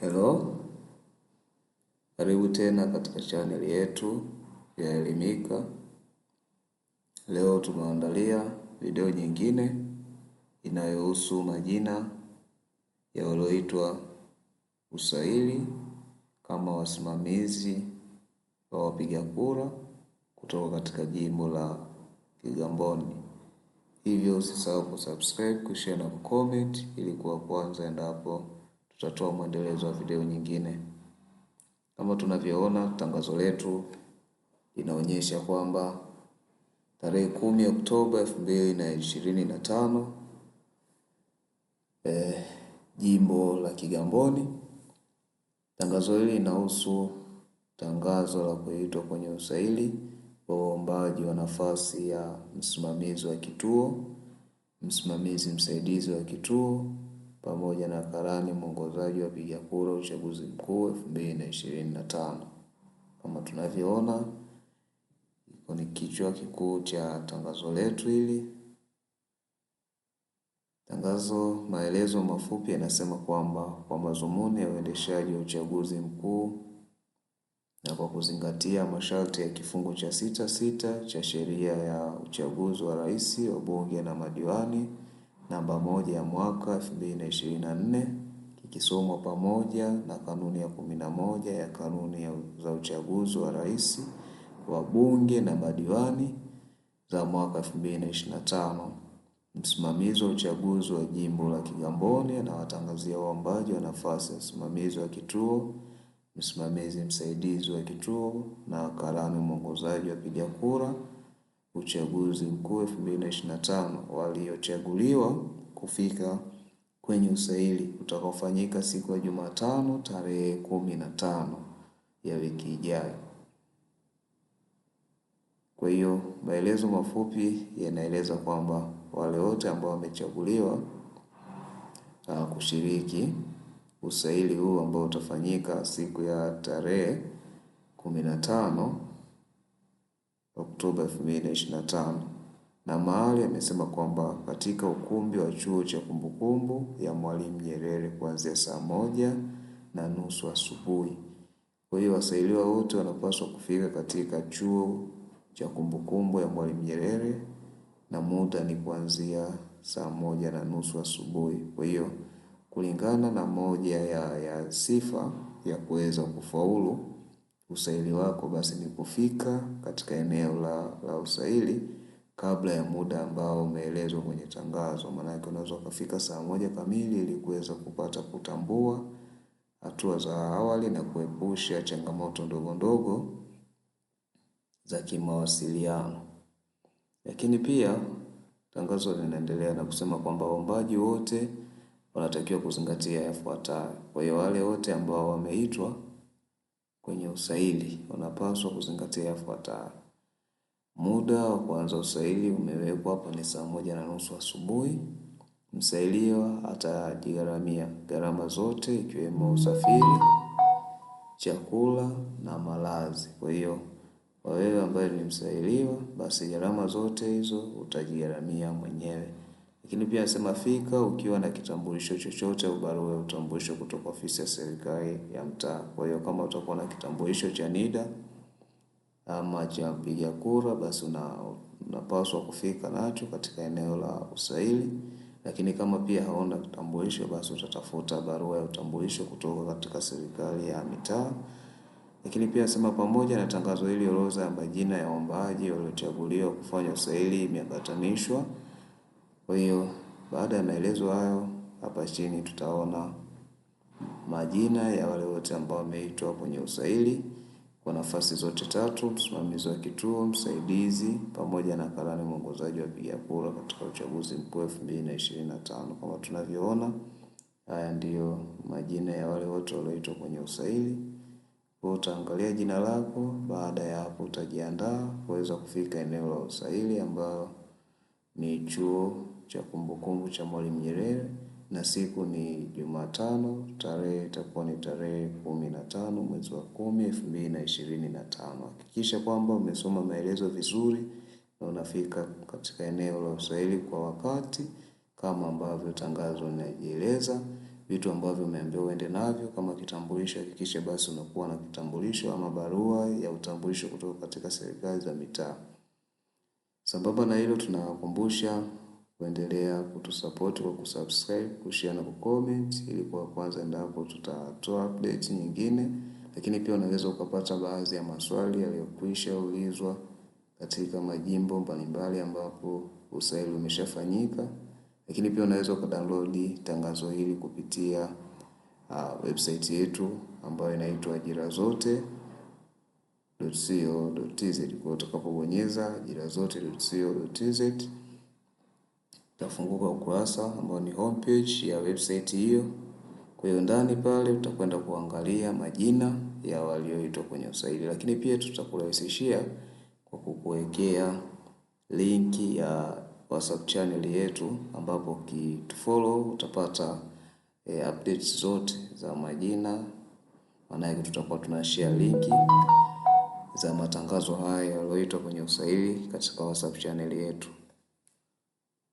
Hello, karibu tena katika chaneli yetu ya Elimika. Leo tumeandalia video nyingine inayohusu majina ya walioitwa usaili kama wasimamizi wa wapiga kura kutoka katika jimbo la Kigamboni. Hivyo usisahau kusubscribe, kushare na kucomment ili kuwa kwanza endapo tutatoa mwendelezo wa video nyingine. Kama tunavyoona, tangazo letu linaonyesha kwamba tarehe kumi Oktoba elfu mbili na ishirini na tano eh, jimbo la Kigamboni. Tangazo hili linahusu tangazo la kuitwa kwenye usaili wa waombaji wa nafasi ya msimamizi wa kituo, msimamizi msaidizi wa kituo pamoja na karani mwongozaji wa piga kura uchaguzi mkuu elfu mbili na ishirini na tano. Kama tunavyoona iko ni kichwa kikuu cha tangazo letu hili. Tangazo, maelezo mafupi yanasema kwamba kwa mazumuni ya uendeshaji wa uchaguzi mkuu na kwa kuzingatia masharti ya kifungu cha sita sita cha sheria ya uchaguzi wa rais, bunge na madiwani namba moja ya mwaka 2024 kikisomwa pamoja na kanuni ya kumi na moja ya kanuni za uchaguzi wa rais, bunge na madiwani za mwaka 2025. Msimamizi wa uchaguzi wa jimbo la Kigamboni anawatangazia waombaji wa nafasi ya msimamizi wa kituo, msimamizi msaidizi wa kituo na karani mwongozaji wa piga kura uchaguzi mkuu 2025 waliochaguliwa kufika kwenye usaili utakaofanyika siku ya Jumatano tarehe kumi na tano ya wiki ijayo. Kwa hiyo maelezo mafupi yanaeleza kwamba wale wote ambao wamechaguliwa uh, kushiriki usaili huu ambao utafanyika siku ya tarehe kumi na tano Oktoba 2025 na mahali amesema kwamba katika ukumbi wa chuo cha kumbukumbu ya Mwalimu Nyerere kuanzia saa moja na nusu asubuhi. Kwa hiyo wasailiwa wote wanapaswa kufika katika chuo cha kumbukumbu ya Mwalimu Nyerere na muda ni kuanzia saa moja na nusu asubuhi. Kwa hiyo kulingana na moja ya, ya sifa ya kuweza kufaulu usaili wako basi ni kufika katika eneo la, la usaili kabla ya muda ambao umeelezwa kwenye tangazo. Maanake unaweza ukafika saa moja kamili ili kuweza kupata kutambua hatua za awali na kuepusha changamoto ndogo ndogo za kimawasiliano. Lakini pia tangazo linaendelea na kusema kwamba waombaji wote wanatakiwa kuzingatia yafuatayo. Kwa hiyo wale wote ambao wameitwa kwenye usaili wanapaswa kuzingatia yafuatayo. Muda wa kuanza usaili umewekwa hapo ni saa moja na nusu asubuhi. Msailiwa atajigharamia gharama zote ikiwemo usafiri, chakula na malazi. Kwa hiyo kwa wewe ambaye ni msailiwa, basi gharama zote hizo utajigharamia mwenyewe. Lakini pia anasema fika ukiwa na kitambulisho chochote au barua ya utambulisho kutoka ofisi ya serikali ya mtaa. Kwa hiyo kama utakuwa na kitambulisho cha NIDA ama cha mpiga kura, basi una unapaswa kufika nacho katika eneo la usaili. Lakini kama pia hauna kitambulisho, basi utatafuta barua ya utambulisho kutoka katika serikali ya mitaa. Lakini pia anasema pamoja na tangazo hili, orodha ya majina ya waombaji waliochaguliwa kufanya usaili imeambatanishwa kwa hiyo baada ya maelezo hayo, hapa chini tutaona majina ya wale wote ambao wameitwa kwenye usaili kwa nafasi zote tatu: msimamizi wa kituo, msaidizi pamoja na karani mwongozaji wa piga kura katika uchaguzi mkuu elfu mbili na ishirini na tano. Kama tunavyoona, haya ndiyo majina ya wale wote walioitwa kwenye usaili. Kwa utaangalia jina lako. Baada ya hapo, utajiandaa kuweza kufika eneo la usaili ambayo ni chuo cha kumbukumbu cha Mwalimu Nyerere na siku ni Jumatano, tarehe itakuwa ni tarehe kumi na tano mwezi wa kumi elfu mbili na ishirini na tano. Hakikisha kwamba umesoma maelezo vizuri na unafika katika eneo la usaili kwa wakati, kama ambavyo tangazo linajieleza. Vitu ambavyo umeambiwa uende navyo kama kitambulisho, hakikisha basi unakuwa na kitambulisho ama barua ya utambulisho kutoka katika serikali za mitaa. Sambamba na hilo, tunawakumbusha kuendelea kutusapoti kwa kusubscribe, kushare na kucomment ili kwa kwanza endapo tutatoa update nyingine, lakini pia unaweza ukapata baadhi ya maswali yaliyokwisha ulizwa katika majimbo mbalimbali ambapo usaili umeshafanyika, lakini pia unaweza ukadownload tangazo hili kupitia uh, website yetu ambayo inaitwa ajira zote .co.tz. Kwa utakapobonyeza ajira zote .co.tz utafunguka ukurasa ambao ni homepage ya website hiyo. Kwa hiyo ndani pale utakwenda kuangalia majina ya walioitwa kwenye usaili, lakini pia tutakurahisishia kwa kukuwekea linki ya WhatsApp channel yetu, ambapo ukitufollow utapata e, updates zote za majina. Maanake tutakuwa share linki za matangazo haya yaliyoitwa kwenye usaili katika WhatsApp channel yetu.